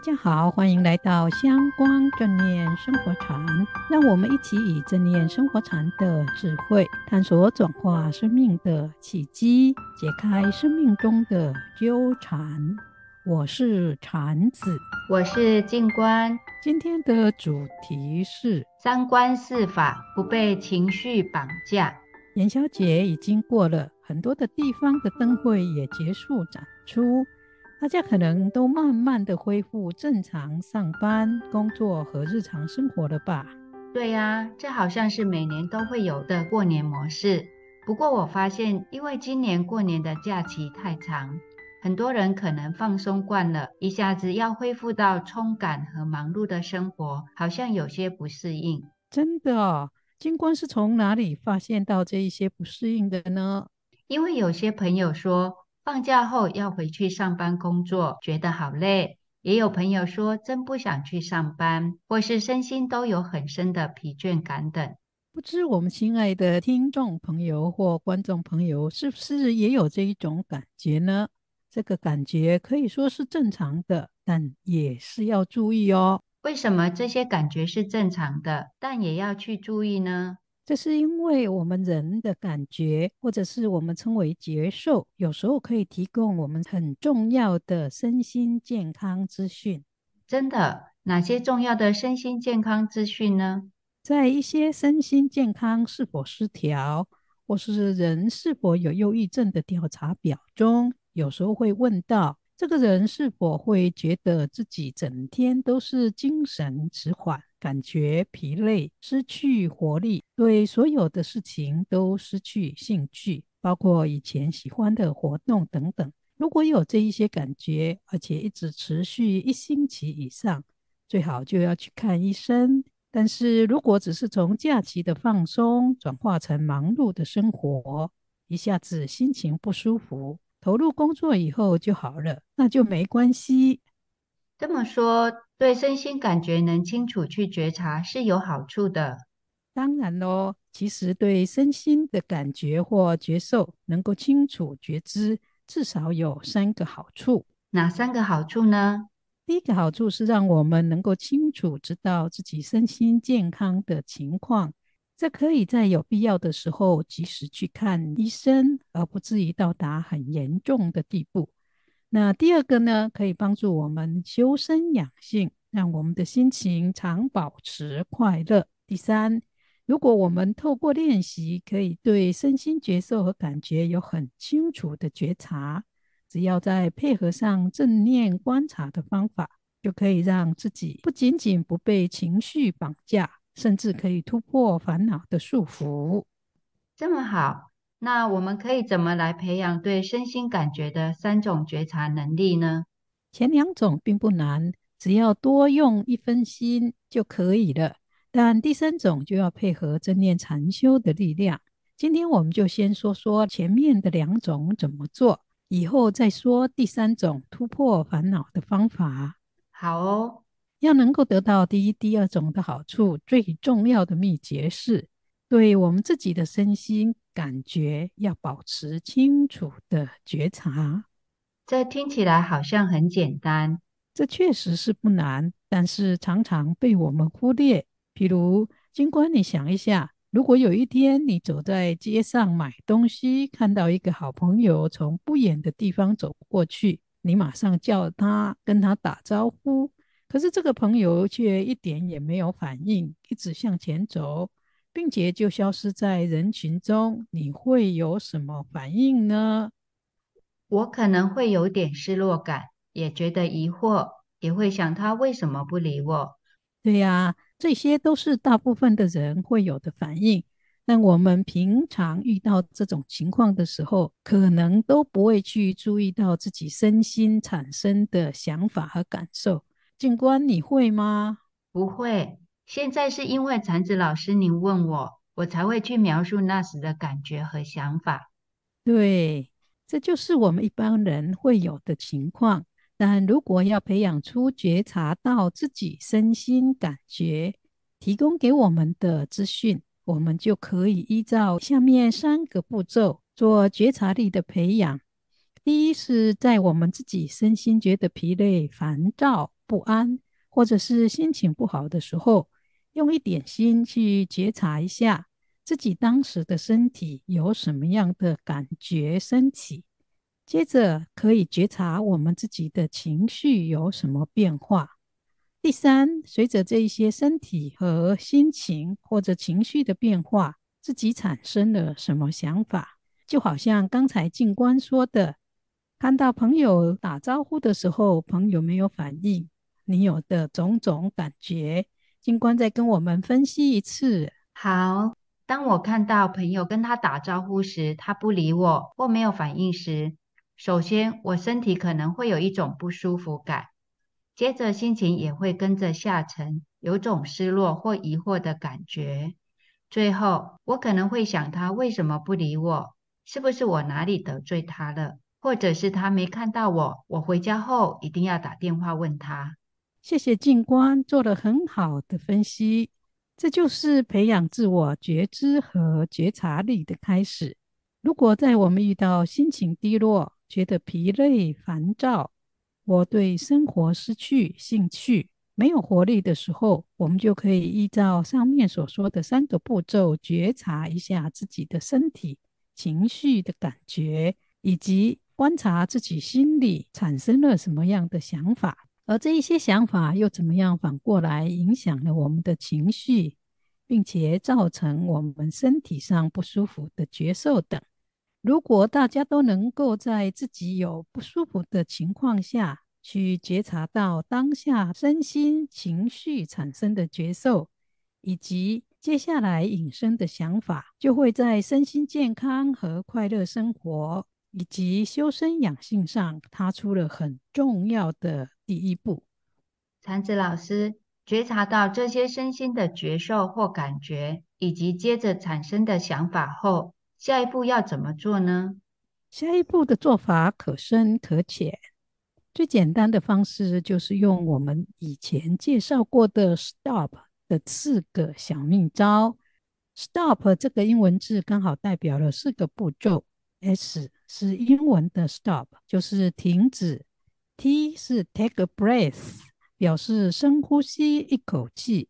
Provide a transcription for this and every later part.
大家好，歡迎來到《香光正念生活禪》，讓我們一起以正念生活禪的智慧，探索轉化生命的契機，解開生命中的糾纏。我是禪子，我是靜觀。今天的主題是三觀四法，不被情緒綁架。元宵節已經過了，很多的地方的燈會也結束展出。大家可能都慢慢的恢復正常上班、工作和日常生活了吧？對呀，啊，這好像是每年都會有的過年模式。不過我發現，因為今年過年的假期太長，很多人可能放鬆慣了，一下子要恢復到沖感和忙碌的生活，好像有些不適應。真的哦，金光是從哪裡發現到這一些不適應的呢？因為有些朋友說，放假後要回去上班工作，覺得好累；也有朋友說真不想去上班，或是身心都有很深的疲倦感等。不知我們親愛的聽眾朋友或觀眾朋友，是不是也有這一種感覺呢？這個感覺可以說是正常的，但也是要注意哦。為什麼這些感覺是正常的，但也要去注意呢？這是因為我們人的感覺，或者是我們稱為覺受，有時候可以提供我們很重要的身心健康資訊。真的，哪些重要的身心健康資訊呢？在一些身心健康是否失調，或是人是否有憂鬱症的調查表中，有時候會問到這個人是否會覺得自己整天都是精神遲緩。感覺疲累、失去活力，對所有的事情都失去興趣，包括以前喜歡的活動等等。如果有這一些感覺，而且一直持續一星期以上，最好就要去看醫生。但是如果只是從假期的放鬆轉化成忙碌的生活，一下子心情不舒服，投入工作以後就好了，那就沒關係。這麼說。嗯對身心感覺能清楚去覺察是有好處的。當然嘍，其實對身心的感覺或覺受能夠清楚覺知，至少有三個好處。哪三個好處呢？第一個好處是讓我們能夠清楚知道自己身心健康的情況，這可以在有必要的時候及時去看醫生，而不至於到達很嚴重的地步。那第二個呢，可以幫助我們修身養性，讓我們的心情常保持快樂。第三，如果我們透過練習，可以對身心覺受和感覺有很清楚的覺察，只要再配合上正念觀察的方法，就可以讓自己不僅僅不被情緒綁架，甚至可以突破煩惱的束縛。這麼好。那我們可以怎麼來培養對身心感覺的三種覺察能力呢？前兩種並不難，只要多用一分心就可以了。但第三種就要配合正念禪修的力量。今天我們就先說說前面的兩種怎麼做，以後再說第三種突破煩惱的方法。好哦，要能夠得到第一、第二種的好處，最重要的秘訣是，對我們自己的身心。感覺要保持清楚的覺察，這聽起來好像很簡單。這確實是不難，但是常常被我們忽略。譬如，儘管你想一下，如果有一天你走在街上買東西，看到一個好朋友從不遠的地方走過去，你馬上叫他跟他打招呼，可是這個朋友卻一點也沒有反應，一直向前走。並且就消失在人群中，你會有什麼反應呢？我可能會有點失落感，也覺得疑惑，也會想他為什麼不理我。對呀、啊，這些都是大部分的人會有的反應。但我們平常遇到這種情況的時候，可能都不會去注意到自己身心產生的想法和感受。靜觀，你會嗎？不會。現在是因為殘子老師您問我，我才會去描述那時的感覺和想法。對，這就是我們一般人會有的情況。但如果要培養出覺察到自己身心感覺，提供給我們的資訊，我們就可以依照下面三個步驟做覺察力的培養。第一是在我們自己身心覺得疲累、煩躁、不安，或者是心情不好的時候，用一點心去覺察一下自己當時的身體有什麼樣的感覺升起，接着可以覺察我們自己的情緒有什麼變化。第三，隨着這一些身體和心情或者情緒的變化，自己產生了什麼想法？就好像剛才靜觀說的，看到朋友打招呼的時候，朋友沒有反應，你有的種種感覺。儘管再跟我們分析一次。好，當我看到朋友跟他打招呼時，他不理我或沒有反應時，首先我身體可能會有一種不舒服感，接着心情也會跟着下沉，有種失落或疑惑的感覺。最後，我可能會想，他為什麼不理我？是不是我哪裡得罪他了？或者是他沒看到我？我回家後一定要打電話問他。謝謝靜觀做了很好的分析，這就是培養自我覺知和覺察力的開始。如果在我們遇到心情低落、覺得疲累、煩躁，我對生活失去興趣、沒有活力的時候，我們就可以依照上面所說的三個步驟，覺察一下自己的身體、情緒的感覺，以及觀察自己心裡產生了什麼樣的想法。而這一些想法又怎麼樣，反過來影響了我們的情緒，並且造成我們身體上不舒服的覺受等。如果大家都能夠在自己有不舒服的情況下去覺察到當下身心情緒產生的覺受，以及接下來引申的想法，就會在身心健康和快樂生活以及修身養性上踏出了很重要的。第一步，禪子老師覺察到這些身心的覺受或感覺，以及接着產生的想法後，下一步要怎麼做呢？下一步的做法可深可淺，最簡單的方式就是用我們以前介紹過的 “stop” 的四個小密招。stop 這個英文字剛好代表了四個步驟，s 是英文的 stop，就是停止。T 是 take a breath，表示深呼吸一口氣。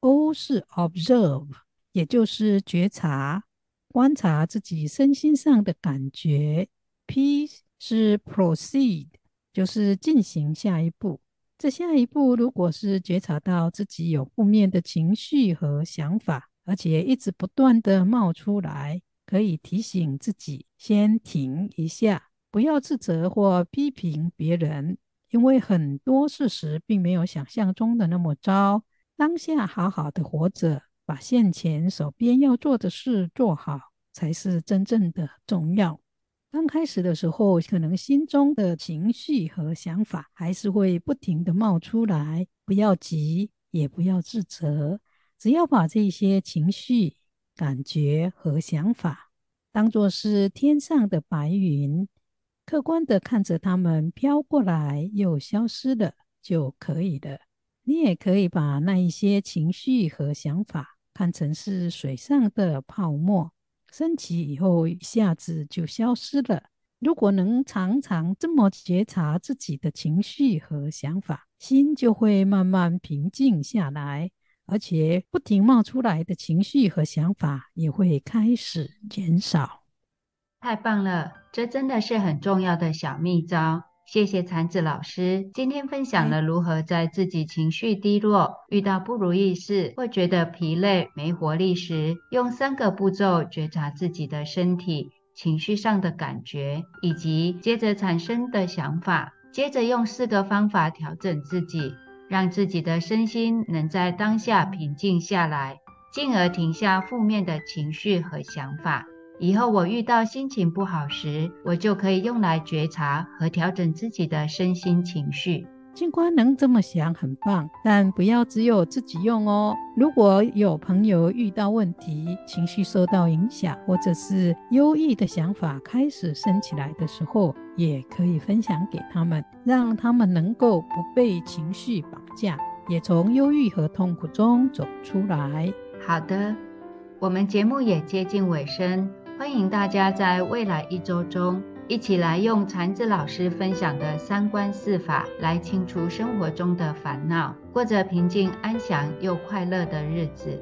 O 是 observe，也就是覺察、觀察自己身心上的感覺。P 是 proceed，就是進行下一步。這下一步，如果是覺察到自己有負面的情緒和想法，而且一直不斷地冒出來，可以提醒自己先停一下。不要自責或批評別人，因為很多事實並沒有想象中的那麼糟。當下好好的活着，把現前手邊要做的事做好，才是真正的重要。剛開始的時候，可能心中的情緒和想法還是會不停地冒出來，不要急，也不要自責，只要把這些情緒、感覺和想法當作是天上的白雲。客觀地看着它們飄過來又消失了，就可以了。你也可以把那一些情緒和想法看成是水上的泡沫，升起以後一下子就消失了。如果能常常這麼覺察自己的情緒和想法，心就會慢慢平靜下來，而且不停冒出來的情緒和想法也會開始減少。太棒了，這真的是很重要的小密招。謝謝殘子老師今天分享了如何在自己情緒低落、遇到不如意事、或覺得疲累、沒活力時，用三個步驟覺察自己的身體、情緒上的感覺，以及接着產生的想法，接着用四個方法調整自己，讓自己的身心能在當下平靜下來，進而停下負面的情緒和想法。以後我遇到心情不好時，我就可以用來覺察和調整自己的身心情緒。盡管能這麼想很棒，但不要只有自己用哦。如果有朋友遇到問題，情緒受到影響，或者是憂鬱的想法開始升起來的時候，也可以分享給他們，讓他們能夠不被情緒綁架，也從憂鬱和痛苦中走出來。好的，我們節目也接近尾聲。歡迎大家在未來一周中，一起來用禪子老師分享的三觀四法來清除生活中的煩惱，過着平靜、安詳又快樂的日子。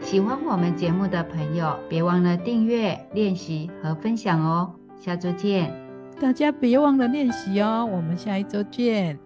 喜歡我們節目的朋友，別忘了訂閱、練習和分享哦。下周見！大家別忘了練習哦，我們下一周見。